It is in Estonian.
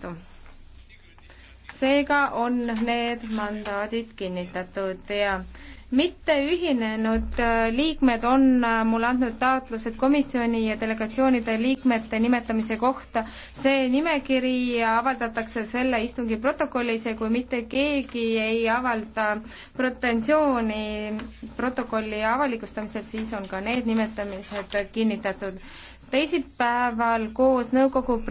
vastu. seega on need mandaadid kinnitatud ja mitte ühinenud äh, liikmed on äh, mulle andnud taotlused komisjoni ja delegatsioonide liikmete nimetamise kohta. see nimekiri avaldatakse selle istungi protokollis ja kui mitte keegi ei avalda pretensiooni protokolli avalikustamisel, siis on ka need nimetamised kinnitatud. teisipäeval koos nõukogu